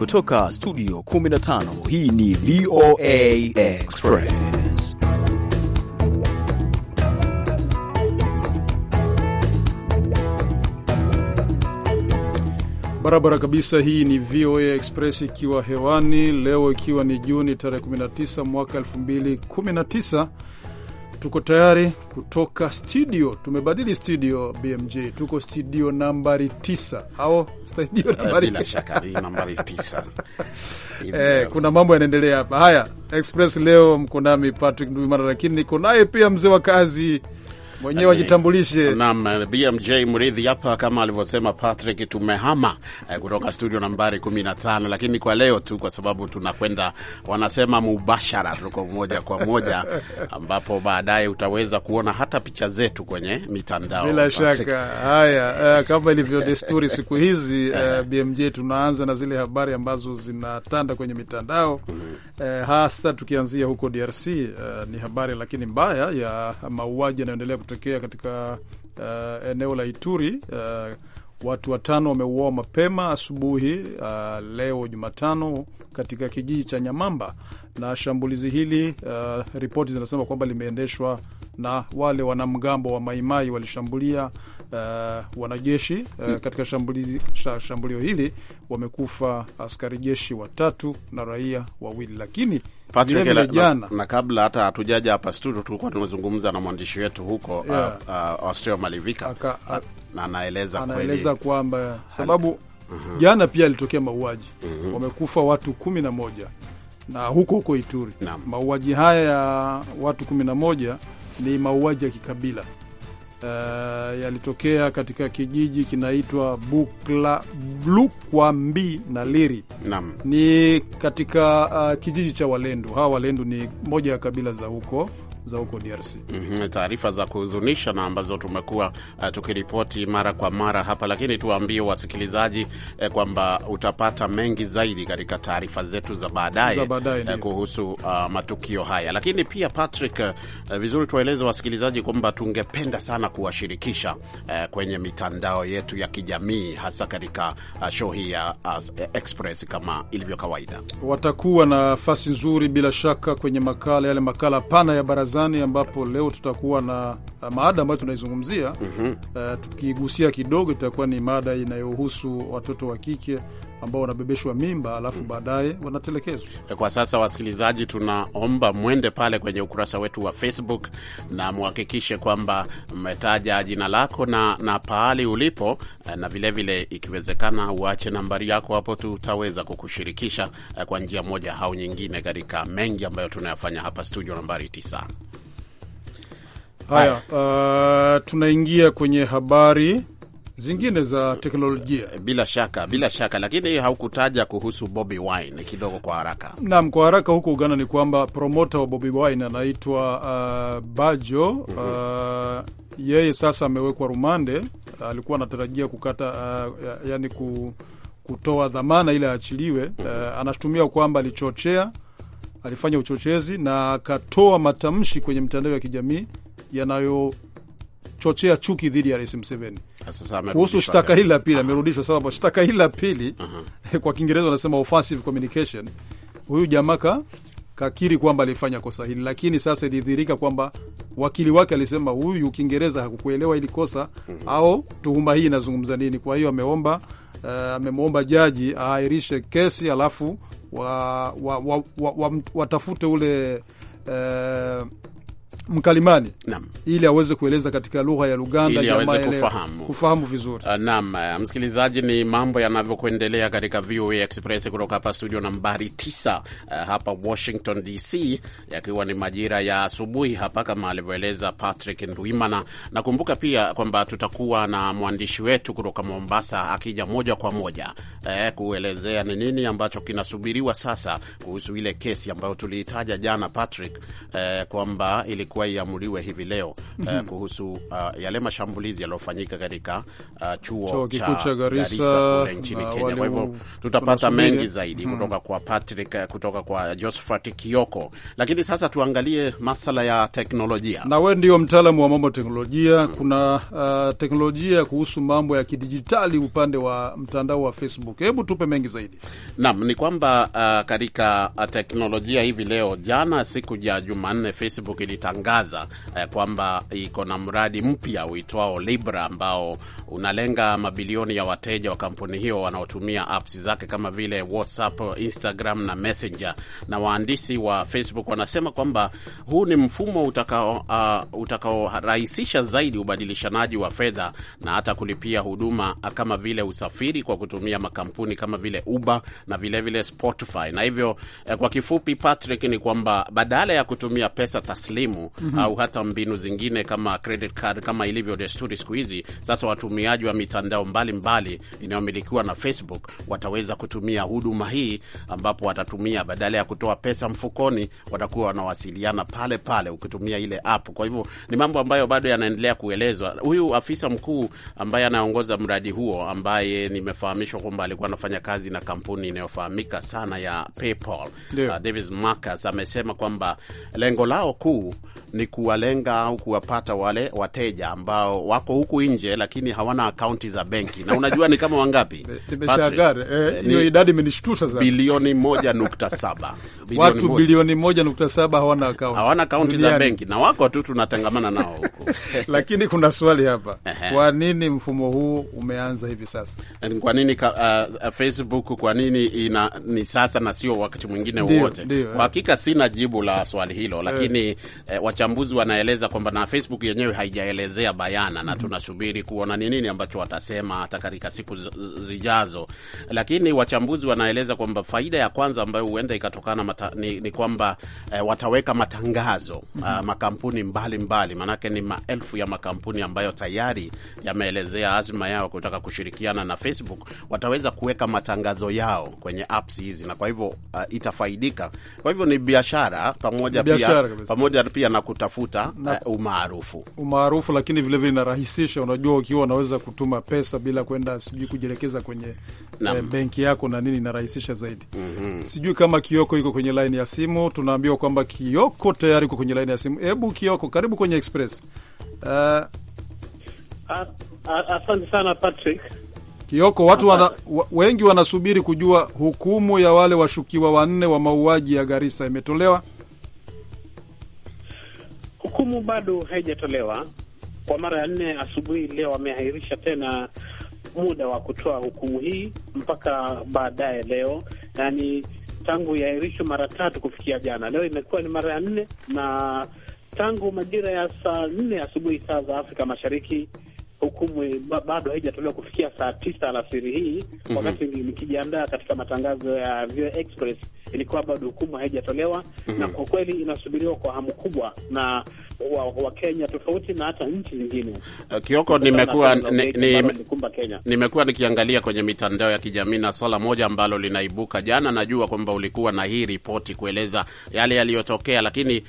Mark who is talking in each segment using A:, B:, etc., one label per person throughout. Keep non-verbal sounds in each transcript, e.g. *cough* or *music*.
A: kutoka studio 15 hii ni
B: VOA Express.
C: Barabara kabisa, hii ni VOA Express ikiwa hewani leo, ikiwa ni Juni tarehe 19 mwaka 2019 Tuko tayari kutoka studio, tumebadili studio BMJ, tuko studio nambari 9 au studio eh, nambari *laughs* Eh, kuna mambo yanaendelea hapa. Haya, Express leo mko nami Patrick Ndwimana, lakini niko naye pia mzee wa kazi mwenyewe wajitambulishe.
B: Naam, eh, BMJ Mridhi hapa, kama alivyosema Patrick, tumehama eh, kutoka studio nambari 15, lakini kwa leo tu, kwa sababu tunakwenda wanasema mubashara, tuko moja kwa moja, *laughs* ambapo baadaye utaweza kuona hata picha zetu kwenye mitandao. Bila shaka
C: haya, uh, kama ilivyo desturi siku hizi uh, *laughs* BMJ tunaanza na zile habari ambazo zinatanda kwenye mitandao uh, hasa tukianzia huko DRC uh, ni habari lakini mbaya ya mauaji yanayoendelea kutokea katika uh, eneo la Ituri uh, watu watano wameuawa mapema asubuhi uh, leo Jumatano katika kijiji cha Nyamamba, na shambulizi hili uh, ripoti zinasema kwamba limeendeshwa na wale wanamgambo wa Maimai walishambulia uh, wanajeshi uh, katika shambulio shambulio hili wamekufa askari jeshi watatu na raia wawili, lakini vilevile jana na, na
B: kabla hata hatujaja hapa studio tulikuwa tumezungumza na mwandishi wetu huko uh, yeah. uh, uh, Austria Malivika Aka, a, na anaeleza anaeleza
C: kwamba sababu uhum. jana pia alitokea mauaji mhm. wamekufa watu kumi na moja na huko huko Ituri. Mauaji haya ya watu kumi na moja ni mauaji ya kikabila Eh, yalitokea katika kijiji kinaitwa Bukla Blukwambi na Liri Nam. ni katika uh, kijiji cha Walendu. Hawa Walendu ni moja ya kabila za huko za huko DRC. mm
B: -hmm, taarifa za kuhuzunisha na ambazo tumekuwa uh, tukiripoti mara kwa mara hapa, lakini tuwaambie wasikilizaji eh, kwamba utapata mengi zaidi katika taarifa zetu za baadaye eh, kuhusu uh, matukio haya. Lakini pia Patrick, uh, vizuri tuwaeleze wasikilizaji kwamba tungependa sana kuwashirikisha uh, kwenye mitandao yetu ya kijamii hasa katika uh, show hii ya uh, Express kama ilivyo kawaida,
C: watakuwa na nafasi nzuri bila shaka kwenye makala yale makala pana ya baraza barazani, ambapo leo tutakuwa na uh, maada ambayo tunaizungumzia mm -hmm. Uh, tukigusia kidogo itakuwa ni mada inayohusu watoto wa kike ambao wanabebeshwa mimba alafu baadaye wanatelekezwa.
B: Kwa sasa, wasikilizaji, tunaomba mwende pale kwenye ukurasa wetu wa Facebook na mwhakikishe kwamba mmetaja jina lako na, na pahali ulipo eh, na vilevile vile, ikiwezekana uache nambari yako hapo, tutaweza kukushirikisha eh, kwa njia moja au nyingine katika mengi ambayo tunayafanya hapa studio nambari 9.
C: Haya, uh, tunaingia kwenye habari zingine za teknolojia. Eh,
B: bila shaka, bila shaka, lakini haukutaja kuhusu Bobi Wine kidogo kwa haraka.
C: Naam, kwa haraka huko Uganda ni kwamba promota wa Bobi Wine anaitwa uh, Bajo mhm. uh, mm -hmm. Yeye sasa amewekwa rumande, alikuwa anatarajia kukata uh, yani ku, kutoa dhamana ili aachiliwe. mm -hmm. Uh, anashutumiwa kwamba alichochea, alifanya uchochezi na akatoa matamshi kwenye mitandao ya kijamii yanayo kuchochea chuki dhidi ya Rais Mseveni.
B: Ah, Kuhusu shtaka
C: hili la pili, ah. amerudishwa sababu shtaka hili la pili uh-huh. *laughs* kwa Kiingereza wanasema offensive communication. Huyu jamaka kakiri kwamba alifanya kosa hili, lakini sasa ilidhihirika kwamba wakili wake alisema huyu Kiingereza hakukuelewa hili kosa mm -hmm. au tuhuma hii inazungumza nini. Kwa hiyo ameomba uh, eh, amemwomba jaji aahirishe kesi alafu wa, wa, wa, wa, wa, watafute ule uh, mkalimani naam, ili aweze kueleza katika lugha ya Luganda ili aweze kufahamu, kufahamu vizuri.
B: Uh, naam, ah, msikilizaji, ni mambo yanavyokuendelea katika VOA Express kutoka hapa studio nambari 9 uh, ah, hapa Washington DC, yakiwa ni majira ya asubuhi hapa kama alivyoeleza Patrick Ndwimana. Nakumbuka pia kwamba tutakuwa na mwandishi wetu kutoka Mombasa akija moja kwa moja eh, kuelezea ni nini ambacho kinasubiriwa sasa kuhusu ile kesi ambayo tuliitaja jana Patrick, eh, kwamba ilikuwa ilikuwa iamuliwe hivi leo mm -hmm. uh, kuhusu uh, yale mashambulizi yaliyofanyika katika uh, chuo cha Garissa kule nchini Kenya. Kwa hivyo tutapata mengi zaidi mm -hmm. kutoka kwa Patrick, eh, kutoka kwa Josephat Kioko, lakini sasa tuangalie masala ya teknolojia,
C: na wewe ndio mtaalamu wa mambo ya teknolojia mm -hmm. kuna uh, teknolojia kuhusu mambo ya kidijitali upande wa mtandao wa Facebook, hebu tupe mengi zaidi.
B: Naam, ni kwamba uh, katika uh, teknolojia hivi leo, jana siku ya Jumanne, Facebook ilitangaza kutangaza eh, kwamba iko na mradi mpya uitwao Libra ambao unalenga mabilioni ya wateja wa kampuni hiyo wanaotumia apps zake kama vile WhatsApp, Instagram na Messenger. Na waandisi wa Facebook wanasema kwamba huu ni mfumo uh, utakaorahisisha uh, utaka zaidi ubadilishanaji wa fedha na hata kulipia huduma kama vile usafiri kwa kutumia makampuni kama vile Uber na vilevile vile Spotify. Na hivyo eh, kwa kifupi Patrick, ni kwamba badala ya kutumia pesa taslimu mm -hmm. au hata mbinu zingine kama credit card, kama ilivyo desturi siku hizi. Sasa watumiaji wa mitandao mbalimbali inayomilikiwa na Facebook wataweza kutumia huduma hii, ambapo watatumia badala ya kutoa pesa mfukoni, watakuwa wanawasiliana pale pale ukitumia ile app. Kwa hivyo ni mambo ambayo bado yanaendelea kuelezwa. Huyu afisa mkuu ambaye anaongoza mradi huo, ambaye nimefahamishwa kwamba alikuwa anafanya kazi na kampuni inayofahamika sana ya PayPal, uh, Davis Marcus amesema kwamba lengo lao kuu ni kuwalenga au kuwapata wale wateja ambao wako huku nje lakini hawana akaunti za benki. Na unajua ni kama wangapi? *laughs*
C: Eh, hiyo idadi imenishtusha sana.
B: Bilioni moja nukta saba *laughs* watu bilioni
C: moja nukta saba hawana akaunti, hawana akaunti za benki, na
B: wako tu tunatangamana nao huku
C: *laughs* lakini kuna swali hapa, kwa nini mfumo huu umeanza hivi sasa? Eh, kwa
B: nini uh, Facebook kwa nini ina ni sasa na sio wakati mwingine wowote? Kwa hakika sina jibu la swali hilo, lakini eh, wachambuzi wanaeleza kwamba na Facebook yenyewe haijaelezea bayana, na tunasubiri kuona ni nini ambacho watasema hata katika siku zijazo, lakini wachambuzi wanaeleza kwamba faida ya kwanza ambayo huenda ikatokana mata, ni, ni kwamba eh, wataweka matangazo mm -hmm. uh, makampuni mbalimbali maanake Manake ni maelfu ya makampuni ambayo tayari yameelezea azma yao kutaka kushirikiana na Facebook, wataweza kuweka matangazo yao kwenye apps hizi, na kwa hivyo uh, itafaidika. Kwa hivyo ni biashara pamoja, biashara pia, pamoja pia na kutafuta na eh. umaarufu
C: umaarufu, lakini vilevile inarahisisha. Unajua, ukiwa unaweza kutuma pesa bila kwenda sijui kujielekeza kwenye e, benki yako na nini, inarahisisha zaidi. mm -hmm. Sijui kama Kioko iko kwenye laini ya simu. Tunaambiwa kwamba Kioko tayari iko kwenye laini ya simu. Hebu Kioko, karibu kwenye Express. Uh, asante sana Patrick. Kioko, watu wana, wengi wanasubiri kujua hukumu ya wale washukiwa wanne wa mauaji ya Garissa imetolewa
A: Hukumu bado haijatolewa. Kwa mara ya nne asubuhi leo wameahirisha tena muda wa kutoa hukumu hii mpaka baadaye leo, yaani tangu iahirishwe mara tatu kufikia jana, leo imekuwa ni mara ya nne, na tangu majira ya saa nne asubuhi saa za Afrika Mashariki hukumu bado haijatolewa kufikia saa tisa alasiri hii, mhm. wakati mm -hmm. nikijiandaa katika matangazo ya VOA Express ilikuwa bado hukumu haijatolewa mm -hmm. na kwa kweli inasubiriwa kwa hamu kubwa na Wakenya wa tofauti na hata
B: nchi zingine. Eh, Kioko, nimekuwa nimekuwa nikiangalia kwenye mitandao ya kijamii na swala moja ambalo linaibuka jana, najua kwamba ulikuwa na hii ripoti kueleza yale yaliyotokea, lakini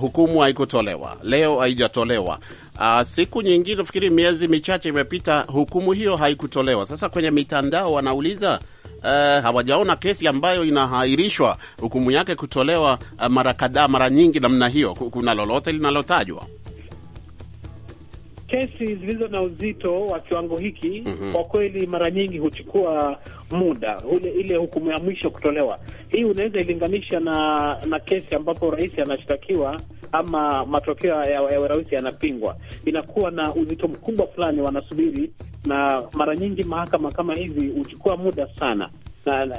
B: hukumu haikutolewa leo, haijatolewa uh, siku nyingine, nafikiri miezi michache imepita, hukumu hiyo haikutolewa. Sasa kwenye mitandao wanauliza Uh, hawajaona kesi ambayo inahairishwa hukumu yake kutolewa uh, mara kadhaa, mara nyingi namna hiyo. Kuna lolote linalotajwa?
A: kesi zilizo na uzito wa kiwango hiki mm -hmm. Kwa kweli mara nyingi huchukua muda ule, ile hukumu ya mwisho kutolewa. Hii unaweza ilinganisha na na kesi ambapo rais anashtakiwa ama matokeo ya, ya urais yanapingwa, inakuwa na uzito mkubwa fulani, wanasubiri. Na mara nyingi mahakama kama hizi huchukua muda sana na, na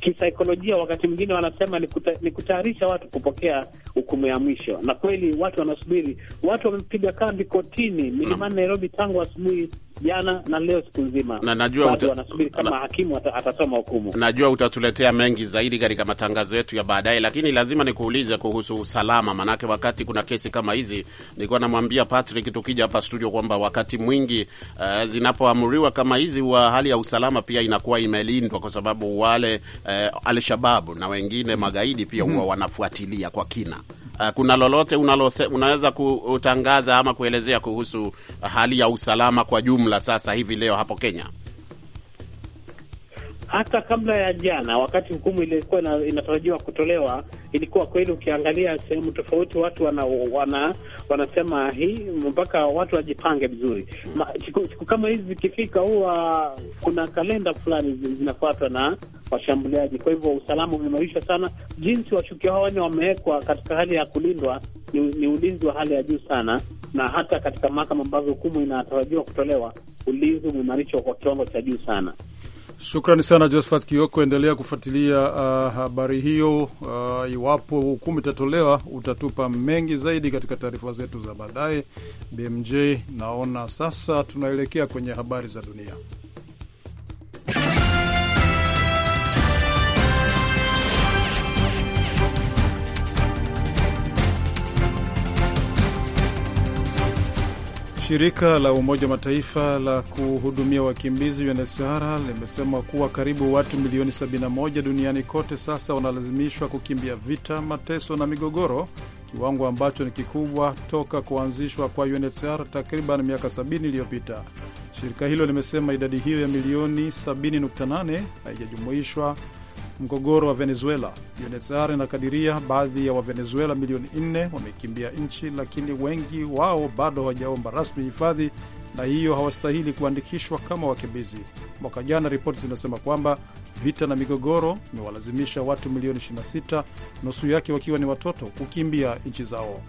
A: kisaikolojia, wakati mwingine wanasema ni kuta, ni kutayarisha watu kupokea hukumu ya mwisho, na kweli watu wanasubiri. Watu wamepiga kambi kotini milimani Nairobi tangu asubuhi jana na leo siku nzima, na najua uta... wanasubiri kama na... hakimu
B: atasoma hukumu. Najua utatuletea mengi zaidi katika matangazo yetu ya baadaye, lakini lazima nikuulize kuhusu usalama, manake wakati kuna kesi kama hizi, nilikuwa namwambia Patrick tukija hapa studio kwamba wakati mwingi uh, eh, zinapoamriwa kama hizi, wa hali ya usalama pia inakuwa imelindwa, kwa sababu wale uh, eh, Alshababu na wengine magaidi pia huwa hmm, wanafuatilia kwa kina uh, kuna lolote unalose, unaweza kutangaza ama kuelezea kuhusu hali ya usalama kwa jumla sasa hivi leo hapo Kenya?
A: hata kabla ya jana, wakati hukumu ilikuwa inatarajiwa kutolewa, ilikuwa kweli, ukiangalia sehemu tofauti watu wana, wana, wanasema hii mpaka watu wajipange vizuri. Siku kama hizi zikifika, huwa kuna kalenda fulani zinafuatwa na washambuliaji. Kwa hivyo usalama umeimarishwa sana. Jinsi washukiwa hao wanne wamewekwa katika hali ya kulindwa, ni, ni ulinzi wa hali ya juu sana, na hata katika mahakama ambazo hukumu inatarajiwa kutolewa, ulinzi umeimarishwa kwa kiwango cha juu sana.
C: Shukrani sana Josephat Kioko, endelea kufuatilia uh, habari hiyo. Uh, iwapo hukumu itatolewa, utatupa mengi zaidi katika taarifa zetu za baadaye. BMJ, naona sasa tunaelekea kwenye habari za dunia. Shirika la Umoja wa Mataifa la kuhudumia wakimbizi UNHCR limesema kuwa karibu watu milioni 71 duniani kote sasa wanalazimishwa kukimbia vita, mateso na migogoro, kiwango ambacho ni kikubwa toka kuanzishwa kwa UNHCR takriban miaka 70 iliyopita. Shirika hilo limesema idadi hiyo ya milioni 70.8 haijajumuishwa mgogoro wa Venezuela. UNHCR inakadiria baadhi ya Wavenezuela milioni nne wamekimbia nchi, lakini wengi wao bado hawajaomba rasmi hifadhi na hiyo hawastahili kuandikishwa kama wakimbizi. Mwaka jana ripoti zinasema kwamba vita na migogoro imewalazimisha watu milioni 26, nusu yake wakiwa ni watoto, kukimbia nchi zao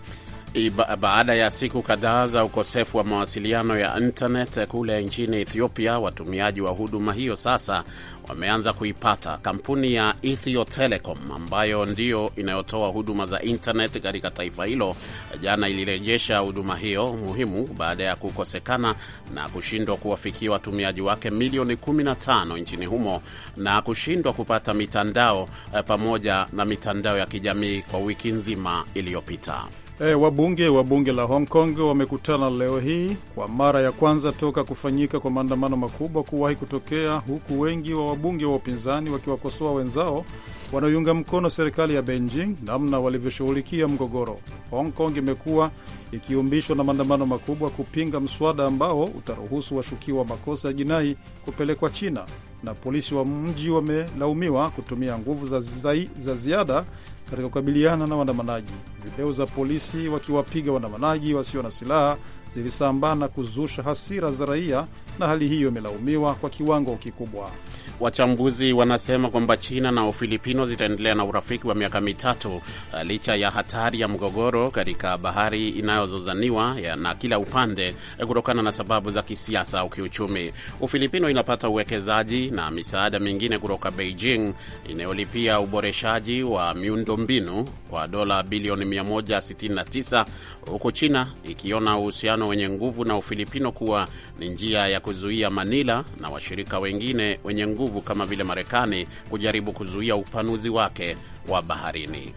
B: baada ya siku kadhaa za ukosefu wa mawasiliano ya internet kule nchini Ethiopia, watumiaji wa huduma hiyo sasa wameanza kuipata. Kampuni ya Ethio Telecom ambayo ndiyo inayotoa huduma za internet katika taifa hilo, jana ilirejesha huduma hiyo muhimu baada ya kukosekana na kushindwa kuwafikia watumiaji wake milioni 15 nchini humo na kushindwa kupata mitandao eh, pamoja na mitandao ya kijamii kwa wiki nzima iliyopita.
C: E, wabunge wa bunge la Hong Kong wamekutana leo hii kwa mara ya kwanza toka kufanyika kwa maandamano makubwa kuwahi kutokea, huku wengi wa wabunge wa upinzani wakiwakosoa wenzao wanaoiunga mkono serikali ya Beijing namna walivyoshughulikia mgogoro. Hong Kong imekuwa ikiumbishwa na maandamano makubwa kupinga mswada ambao utaruhusu washukiwa makosa ya jinai kupelekwa China, na polisi wa mji wamelaumiwa kutumia nguvu za, zai, za ziada katika kukabiliana na waandamanaji. Video za polisi wakiwapiga waandamanaji wasio na silaha zilisambaa na kuzusha hasira za raia na hali hiyo imelaumiwa kwa kiwango kikubwa.
B: Wachambuzi wanasema kwamba China na Ufilipino zitaendelea na urafiki wa miaka mitatu eh, licha ya hatari ya mgogoro katika bahari inayozozaniwa eh, na kila upande eh, kutokana na sababu za kisiasa au kiuchumi. Ufilipino inapata uwekezaji na misaada mingine kutoka Beijing inayolipia uboreshaji wa miundombinu kwa dola bilioni 169 huku China ikiona uhusiano wenye nguvu na Ufilipino kuwa ni njia ya kuzuia Manila na washirika wengine wenye nguvu kama vile Marekani kujaribu kuzuia upanuzi wake wa baharini.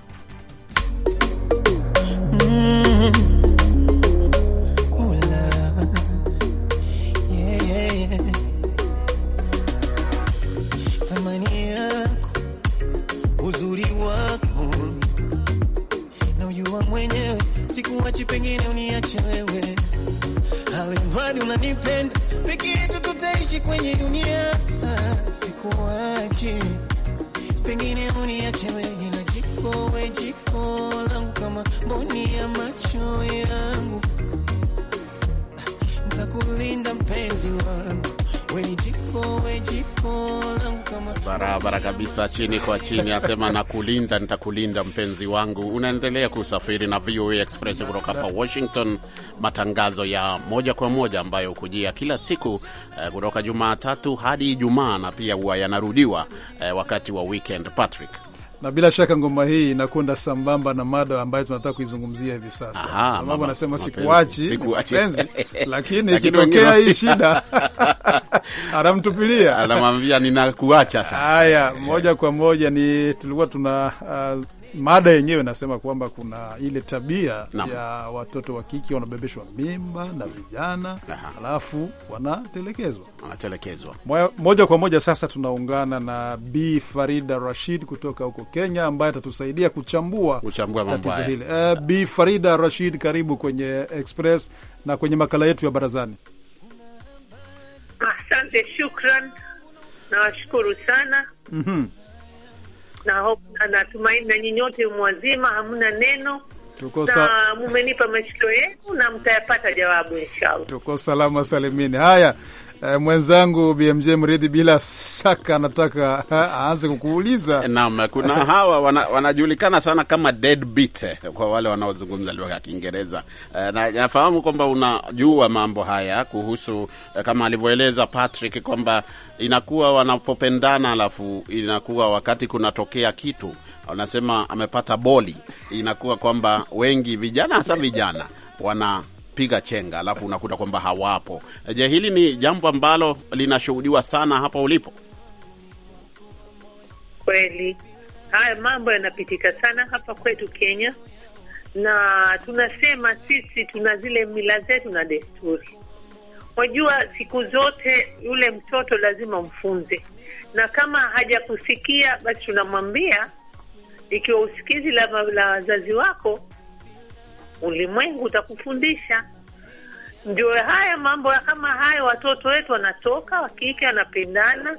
B: mm -hmm. sasa chini kwa chini, asema nakulinda, nitakulinda mpenzi wangu. Unaendelea kusafiri na VOA Express kutoka hapa Washington, matangazo ya moja kwa moja ambayo hukujia kila siku eh, kutoka Jumatatu hadi Ijumaa, na pia huwa yanarudiwa eh, wakati wa weekend, Patrick
C: na bila shaka ngoma hii inakwenda sambamba na mada ambayo tunataka kuizungumzia hivi sasa. Sababu anasema sikuachi mpenzi,
B: lakini *laughs* ikitokea hii shida *laughs* *laughs* anamtupilia anamwambia, ninakuacha sasa.
C: Haya, moja kwa moja ni tulikuwa tuna uh, mada yenyewe nasema kwamba kuna ile tabia na ya watoto wa kike wanabebeshwa mimba na vijana alafu wanatelekezwa wanatelekezwa moja kwa moja. Sasa tunaungana na b Farida Rashid kutoka huko Kenya ambaye atatusaidia kuchambua,
B: kuchambua tatizo
C: hili. Uh, Farida Rashid, karibu kwenye Express na kwenye makala yetu ya barazani.
D: Asante, shukran, nawashukuru sana mm -hmm. na natumaini na nyinyi nyote mwazima, hamna neno
C: Tuko na
D: mumenipa mashikio yenu na mtayapata jawabu inshallah.
C: Tuko salama salimini. Haya. Eh, mwenzangu BMJ Mridhi bila shaka anataka eh, aanze kukuuliza. Naam, kuna eh. hawa wana, wanajulikana sana kama
B: deadbeat eh, kwa wale wanaozungumza lugha ya Kiingereza. Eh, na nafahamu kwamba unajua mambo haya kuhusu eh, kama alivyoeleza Patrick kwamba inakuwa wanapopendana, alafu inakuwa wakati kunatokea kitu wanasema amepata boli, inakuwa kwamba wengi vijana hasa vijana wana piga chenga, alafu unakuta kwamba hawapo. Je, hili ni jambo ambalo linashuhudiwa sana hapa ulipo?
D: Kweli haya mambo yanapitika sana hapa kwetu Kenya, na tunasema sisi tuna zile mila zetu na desturi. Wajua, siku zote yule mtoto lazima mfunze, na kama hajakusikia basi tunamwambia, ikiwa usikizi la wazazi wako ulimwengu utakufundisha. Ndio haya mambo ya kama hayo, watoto wetu wanatoka, wakike wanapendana,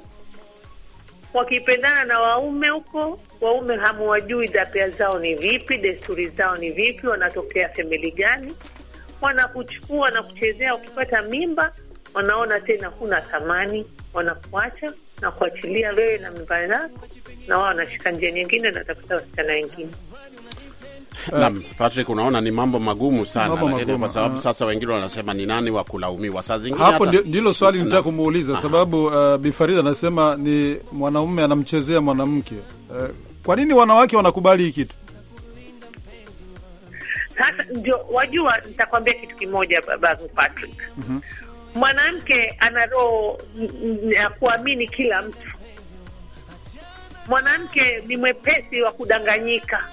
D: wakipendana na waume huko, waume hamuwajui dapia zao ni vipi, desturi zao ni vipi, wanatokea femeli gani, wanakuchukua na kuchezea. Wakipata mimba, wanaona tena huna thamani, wanakuacha na kuachilia wewe na mimba yako, na wao wanashika njia nyingine na tafuta wasichana wengine.
B: Eh. Naam, Patrick, unaona ni mambo magumu sana, lakini kwa sababu eh. sasa wengine wanasema ni nani wa kulaumiwa, saa zingine hapo hata...
C: ndilo swali nitaka kumuuliza sababu uh, eh, Bifarida anasema ni mwanaume anamchezea mwanamke uh, kwa nini wanawake wanakubali hii kitu?
D: Sasa ndio wajua, nitakwambia kitu kimoja babu Patrick. mm -hmm. Mwanamke ana roho ya kuamini kila mtu. Mwanamke ni mwepesi wa kudanganyika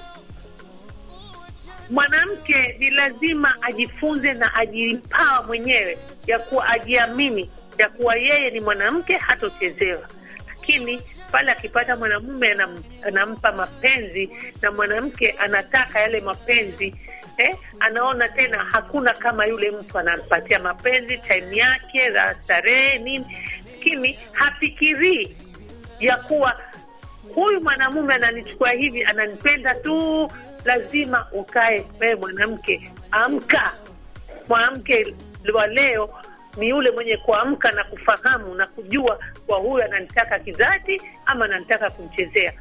D: mwanamke ni lazima ajifunze na ajimpawa mwenyewe ya kuwa ajiamini ya kuwa yeye ni mwanamke, hatochezewa. Lakini pale akipata mwanamume anam, anampa mapenzi na mwanamke anataka yale mapenzi eh, anaona tena hakuna kama yule mtu anampatia mapenzi, time yake za starehe nini, lakini hafikirii ya kuwa huyu mwanamume ananichukua hivi, ananipenda tu lazima ukae wewe mwanamke, amka. Mwanamke wa leo ni yule mwenye kuamka na kufahamu na kujua kwa huyu ananitaka kidhati ama ananitaka kumchezea.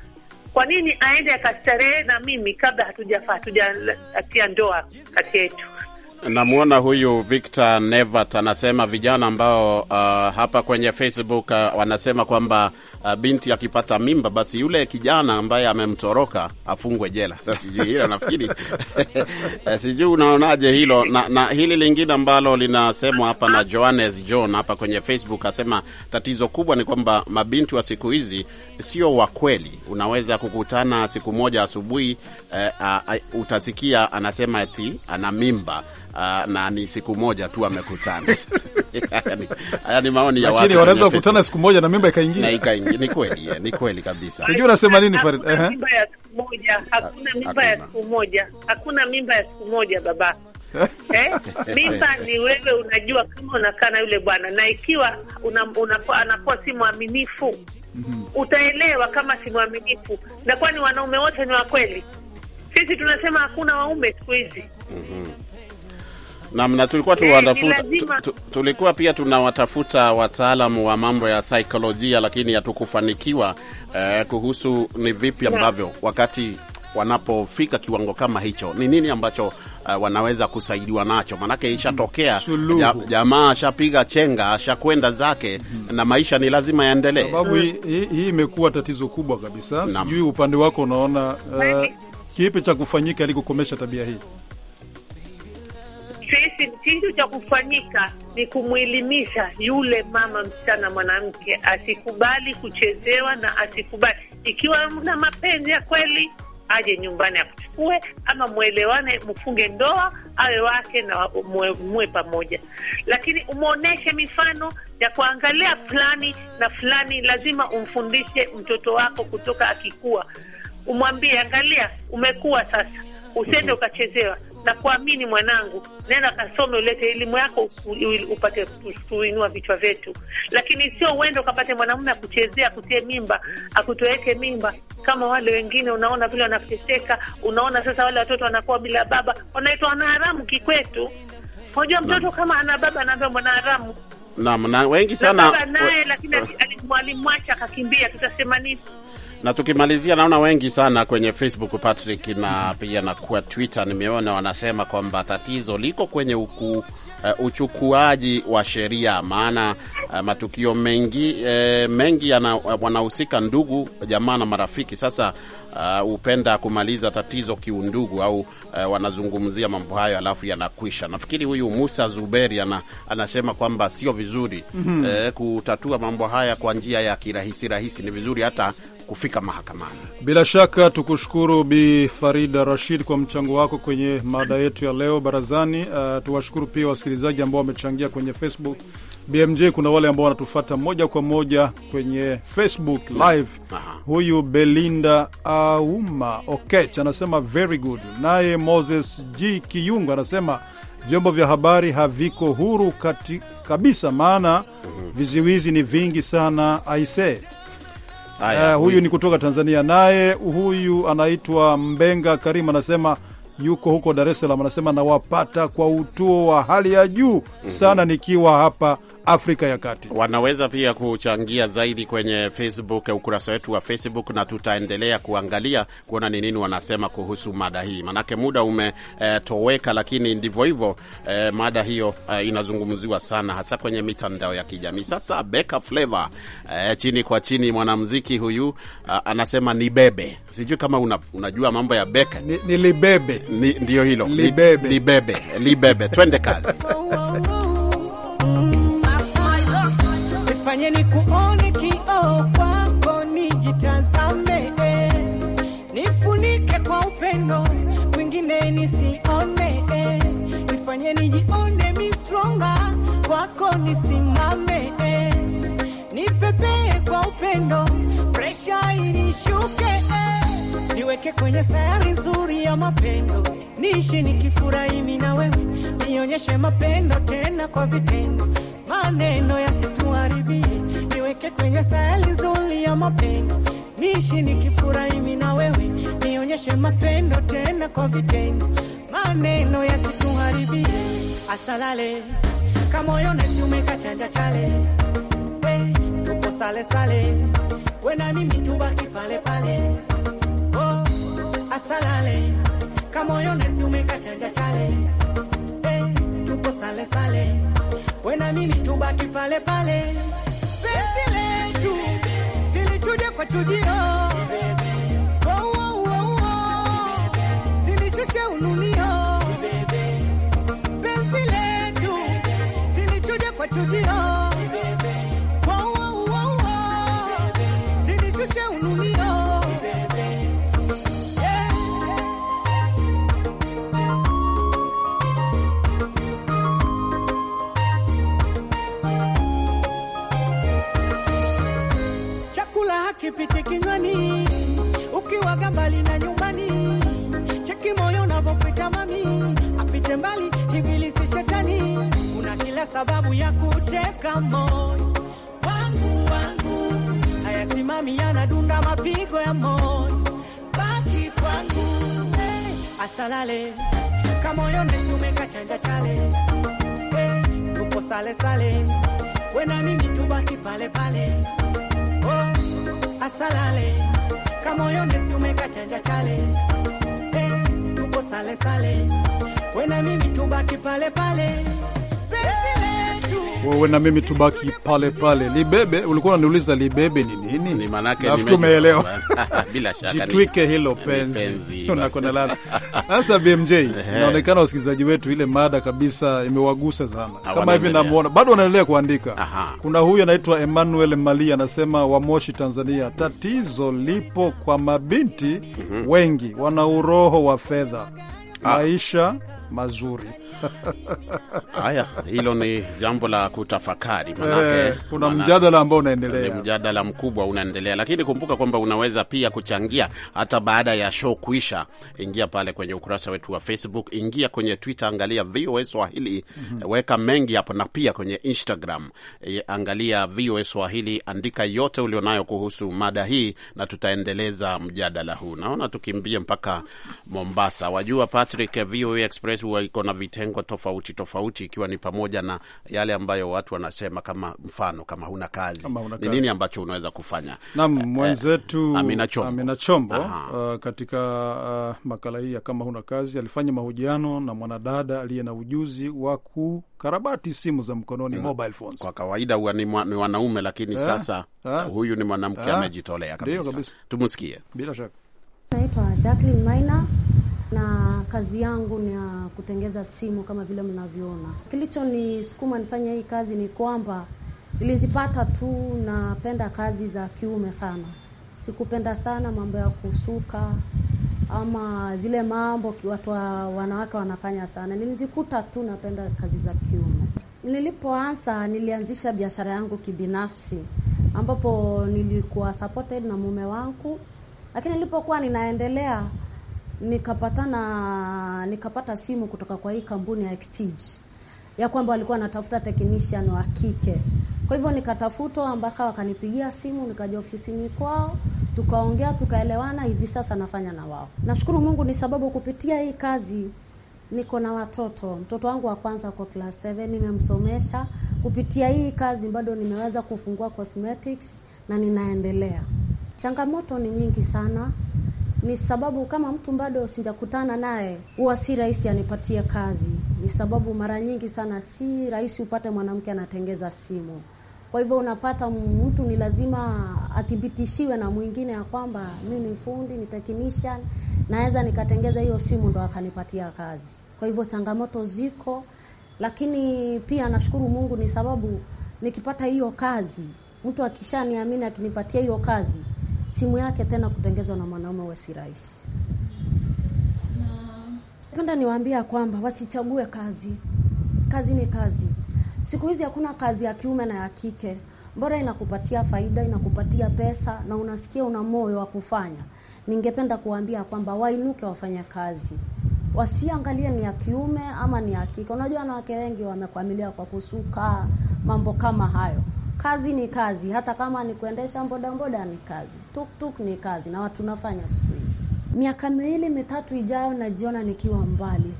D: Kwa nini aende akastarehe na mimi kabla hatujafa hatujatia ndoa kati yetu?
B: Namwona huyu Victor Nevat anasema vijana ambao uh, hapa kwenye Facebook uh, wanasema kwamba uh, binti akipata mimba basi yule kijana ambaye amemtoroka afungwe jela. *laughs* Sijui hilo nafikiri *laughs* eh, sijui unaonaje hilo na, na hili lingine ambalo linasemwa hapa na Johannes John hapa kwenye Facebook asema tatizo kubwa ni kwamba mabinti wa siku hizi sio wa kweli. Unaweza kukutana siku moja asubuhi uh, uh, utasikia anasema ti ana mimba uh, na ni siku moja tu amekutana. *laughs* Haya ni maoni ya watu, lakini wanaweza kukutana
C: siku moja na mimba ikaingia na
B: ikaingia. Ni kweli, eh, ni kweli kabisa. Sijui unasema nini Farid. Eh, mimba
D: ya siku moja hakuna, mimba ya siku moja hakuna, mimba ya siku moja baba *laughs* eh, mimba ni wewe unajua kama unakaa na yule bwana, na ikiwa anakuwa si mwaminifu mhm. Utaelewa kama si mwaminifu. Na kwani wanaume wote ni wa kweli? Sisi tunasema hakuna waume siku hizi.
B: mm -hmm. Namna tulikuwa tunawatafuta eh, tulikuwa pia tunawatafuta wataalamu wa mambo ya saikolojia, lakini hatukufanikiwa eh, kuhusu ni vipi ambavyo wakati wanapofika kiwango kama hicho ni nini ambacho uh, wanaweza kusaidiwa nacho, maanake ishatokea mm, jamaa ashapiga chenga ashakwenda zake hmm. na maisha ni lazima yaendelee, sababu
C: hii imekuwa tatizo kubwa kabisa. Sijui upande wako unaona uh, kipi cha kufanyika ili kukomesha tabia hii?
D: sisi kitu cha kufanyika ni kumwelimisha yule mama msichana mwanamke, asikubali kuchezewa na asikubali. Ikiwa na mapenzi ya kweli, aje nyumbani akuchukue, ama mwelewane, mfunge ndoa, awe wake na muwe pamoja, lakini umwonyeshe mifano ya kuangalia fulani na fulani. Lazima umfundishe mtoto wako kutoka akikua, umwambie, angalia, umekuwa sasa, usende ukachezewa na kuamini, mwanangu, nenda kasome, ulete elimu yako, upate kuinua vichwa vyetu, lakini sio uende ukapate mwanamume akuchezea, akutie mimba, akutoeke mimba kama wale wengine. Unaona vile wanateseka, unaona sasa wale watoto wanakuwa bila baba, wanaitwa wanaharamu kikwetu. Unajua mtoto kama ana baba anaambia mwanaharamu
B: na, na wengi sana naye, lakini
D: alimwacha akakimbia, tutasema nini?
B: Na tukimalizia, naona wengi sana kwenye Facebook Patrick, na pia na kwa Twitter nimeona wanasema kwamba tatizo liko kwenye uku, uh, uchukuaji wa sheria, maana uh, matukio mengi uh, mengi wanahusika ndugu, jamaa na marafiki. Sasa hupenda uh, kumaliza tatizo kiundugu au uh, wanazungumzia mambo hayo alafu yanakwisha. Nafikiri huyu Musa Zuberi ana, anasema kwamba sio vizuri mm -hmm. uh, kutatua mambo haya kwa njia ya kirahisi rahisi, ni vizuri hata kufika mahakamani.
C: Bila shaka tukushukuru Bi Farida Rashid kwa mchango wako kwenye mada yetu ya leo barazani. Uh, tuwashukuru pia wasikilizaji ambao wamechangia kwenye Facebook BMJ. Kuna wale ambao wanatufata moja kwa moja kwenye Facebook live. Aha. Huyu Belinda Auma Okech anasema very good, naye Moses J Kiyungu anasema vyombo vya habari haviko huru kati, kabisa maana mhm. viziwizi ni vingi sana aise. Aya, uh, huyu ni kutoka Tanzania. Naye huyu anaitwa Mbenga karimu anasema yuko huko Dar es Salaam, anasema nawapata kwa utuo wa hali ya juu mhm. sana nikiwa hapa Afrika ya Kati.
B: Wanaweza pia kuchangia zaidi kwenye Facebook, ukurasa wetu wa Facebook, na tutaendelea kuangalia kuona ni nini wanasema kuhusu mada hii, manake muda umetoweka. E, lakini ndivyo hivyo. E, mada hiyo e, inazungumziwa sana hasa kwenye mitandao ya kijamii. Sasa Beka Flava e, eh, chini kwa chini, mwanamuziki huyu a, ah, anasema ni bebe. Sijui kama una, unajua mambo ya Beka
C: ni, ni libebe.
B: Ni, ndio hilo libebe, libebe, libebe. Twende kazi *laughs*
E: nisimame, nipepee kwa upendo, presha inishuke, niweke kwenye sayari nzuri ya mapendo, niishi nikifurahimi na wewe, nionyeshe mapendo tena kwa vitendo, maneno yasituharibie, niweke kwenye sayari nzuri ya mapendo, niishi nikifurahimi na wewe, nionyeshe mapendo tena kwa vitendo, maneno yasituharibie. Asalale moyo na tumeka chanja chale we tuko sale sale we na mimi tubaki pale pale oh, asalale kama moyo na tumeka chanja chale we tuko sale sale we na mimi tubaki pale pale penzi letu zilichuja kwa chujio zilishusha oh, oh, oh, ununio oh. Chakula hakipiti kinywani ukiwaga mbali na nyumbani. sababu ya kuteka moyo wangu wangu, hayasimami yanadunda mapigo ya moyo, baki kwangu hey, asalale kamoyo nesi umekachanja chale hey, tupo sale sale, wena mimi tubaki pale pale oh, asalale kamoyo nesi umekachanja chale hey, tupo sale sale, wena mimi tubaki pale pale
C: wewe na mimi tubaki pale pale. Libebe, ulikuwa unaniuliza libebe ni nini? Ni nimeelewa. Umeelewa? *laughs* Bila shaka. Jitwike hilo penzi. *laughs* Unakona lala. *laughs* Sasa BMJ, inaonekana wasikilizaji wetu ile mada kabisa imewagusa sana. Kama hivi namuona bado wanaendelea kuandika. Aha. Kuna huyu anaitwa Emmanuel Mali anasema wa Moshi Tanzania, tatizo lipo kwa mabinti mhm. wengi wana uroho wa fedha. Ah. Maisha mazuri *laughs*
B: Haya, hilo ni jambo la kutafakari manake, e, kuna mjadala ambao unaendelea, mjadala mkubwa unaendelea, lakini kumbuka kwamba unaweza pia kuchangia hata baada ya show kuisha. Ingia pale kwenye ukurasa wetu wa Facebook, ingia kwenye Twitter, angalia VOA Swahili mm -hmm. Weka mengi hapo, na pia kwenye Instagram e, angalia VOA Swahili, andika yote ulionayo kuhusu mada hii, na tutaendeleza mjadala huu. Naona tukimbie mpaka Mombasa, wajua Patrick, VOA Express huwa iko na vite vitengo tofauti tofauti, ikiwa ni pamoja na yale ambayo watu wanasema kama mfano, kama huna kazi ni nini ambacho unaweza kufanya.
C: Naam, eh, eh, mwenzetu eh, Amina Chombo, Amina Chombo uh, katika uh, makala hii ya kama huna kazi alifanya mahojiano na mwanadada aliye na ujuzi wa kukarabati simu za mkononi mm. mobile phones. Kwa
B: kawaida huwa ni, ni wanaume lakini eh, sasa eh, huyu ni mwanamke eh? amejitolea kabisa. Tumsikie bila shaka.
F: Naitwa Jacqueline Maina na kazi yangu ni ya kutengeza simu kama vile mnavyoona. Kilichonisukuma nifanye hii kazi ni kwamba nilijipata tu, napenda kazi za kiume sana. Sikupenda sana mambo ya kusuka ama zile mambo watu wa wanawake wanafanya sana. Nilijikuta tu napenda kazi za kiume. Nilipoanza, nilianzisha biashara yangu kibinafsi, ambapo nilikuwa supported na mume wangu, lakini nilipokuwa ninaendelea nikapatana nikapata simu kutoka kwa hii kampuni ya Extige ya kwamba walikuwa wanatafuta technician wa kike. Kwa hivyo nikatafutwa mpaka wakanipigia simu, nikaja ofisini kwao, tukaongea, tukaelewana. Hivi sasa nafanya na wao. Nashukuru Mungu ni sababu kupitia hii kazi niko na watoto. Mtoto wangu wa kwanza kwa class 7 nimemsomesha. Kupitia hii kazi bado nimeweza kufungua cosmetics na ninaendelea. Changamoto ni nyingi sana. Ni sababu kama mtu bado sijakutana naye, huwa si rahisi anipatie kazi. Ni sababu mara nyingi sana si rahisi upate mwanamke anatengeza simu. Kwa hivyo unapata mtu ni lazima athibitishiwe na mwingine ya kwamba mi ni fundi, ni technician, naweza nikatengeza hiyo simu ndo akanipatia kazi. Kwa hivyo changamoto ziko, lakini pia nashukuru Mungu ni sababu nikipata hiyo kazi, mtu akishaniamini akinipatia hiyo kazi simu yake tena kutengezwa na mwanaume we si rahisi. Napenda niwaambia kwamba wasichague kazi. Kazi ni kazi. Siku hizi hakuna kazi ya kiume na ya kike, bora inakupatia faida, inakupatia pesa na unasikia una moyo wa kufanya. Ningependa kuwaambia kwamba wainuke, wafanye kazi, wasiangalie ni ya kiume ama ni ya kike. Unajua wanawake wengi wamekwamilia kwa kusuka, mambo kama hayo kazi ni kazi, hata kama ni kuendesha bodaboda ni kazi, tuktuk ni kazi, na watu nafanya siku hizi. Miaka miwili mitatu ijayo, najiona nikiwa mbali,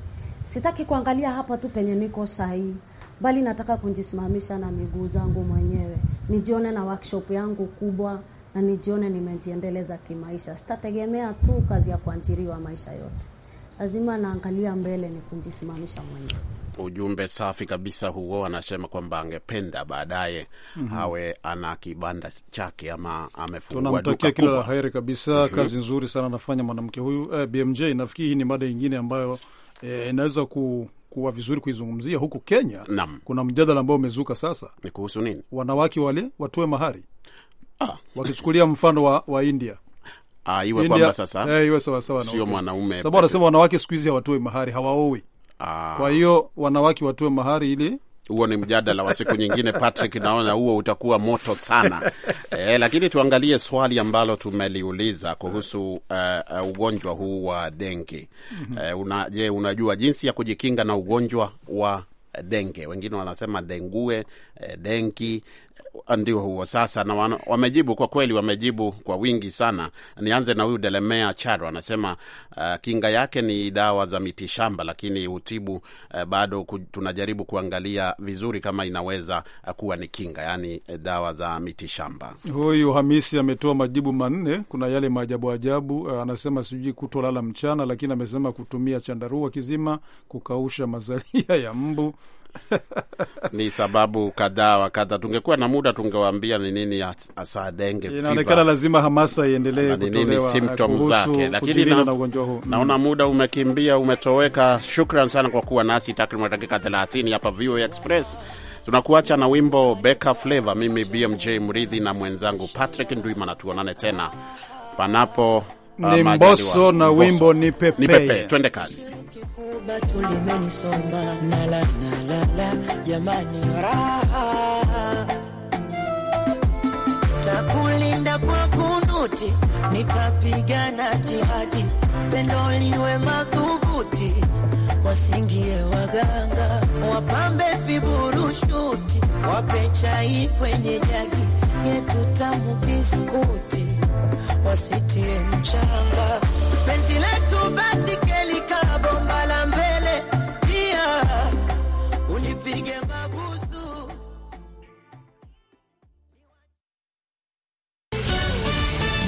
F: sitaki kuangalia hapa tu penye niko sahihi, bali nataka kujisimamisha na miguu zangu mwenyewe, nijione na workshop yangu kubwa na nijione nimejiendeleza kimaisha. Sitategemea tu kazi ya kuajiriwa maisha yote, lazima naangalia mbele, ni kujisimamisha mwenyewe
B: ujumbe safi kabisa huo. Anasema kwamba angependa baadaye mm -hmm. awe ana kibanda chake ama amefungua duka Tunamtakia
C: kila la heri kabisa mm -hmm. Kazi nzuri sana anafanya mwanamke huyu eh, BMJ. Nafikiri hii ni mada ingine ambayo eh, inaweza ku kuwa vizuri kuizungumzia huku Kenya. Naam. Kuna mjadala ambao umezuka sasa,
B: ni kuhusu nini?
C: Wanawake wale watoe mahari ah. wakichukulia mfano wa, wa India
B: Ah, iwe kwamba sasa eh, iwe sawa sawa na sio mwanaume sababu, anasema
C: wanawake siku hizi hawatoe mahari, hawaowi Ah. Kwa hiyo wanawake watoe mahari ili
B: huo ni mjadala wa siku nyingine Patrick, naona huo utakuwa moto sana *laughs* e, lakini tuangalie swali ambalo tumeliuliza kuhusu uh, ugonjwa huu wa denge mhm. e, una, je, unajua jinsi ya kujikinga na ugonjwa wa denge? Wengine wanasema dengue, denki ndio huo sasa, na wamejibu kwa kweli, wamejibu kwa wingi sana. Nianze na huyu Delemea Charo anasema uh, kinga yake ni dawa za mitishamba, lakini hutibu uh, eh, bado tunajaribu kuangalia vizuri kama inaweza uh, kuwa ni kinga, yani dawa za miti shamba
C: Huyu Hamisi ametoa majibu manne, kuna yale maajabu ajabu. Uh, anasema sijui kutolala mchana, lakini amesema kutumia chandarua kizima kukausha mazalia ya mbu
B: ni sababu kadhaa wa kadha. Tungekuwa na muda, tungewaambia ni nini hasa denge fever. Inaonekana lazima
C: hamasa iendelee kutolewa eh, symptoms zake, lakini na, na ugonjwa huu naona
B: mm. muda umekimbia, umetoweka. Shukran sana kwa kuwa nasi takriban dakika 30 hapa VOA Express. Tunakuacha na wimbo Beka Flavor. Mimi BMJ Mridhi na mwenzangu Patrick Ndwimana, tuonane tena panapo ni ah, mboso na wimbo ni pepe. Ni pepe, twende kazi.
E: Takulinda kwa kunuti, nikapigana jihadi, pendo liwe madhubuti, wasingie waganga, wapambe viburushuti, wape chai kwenye jagi yetu tamu biskuti wasitie mchanga penzi letu basi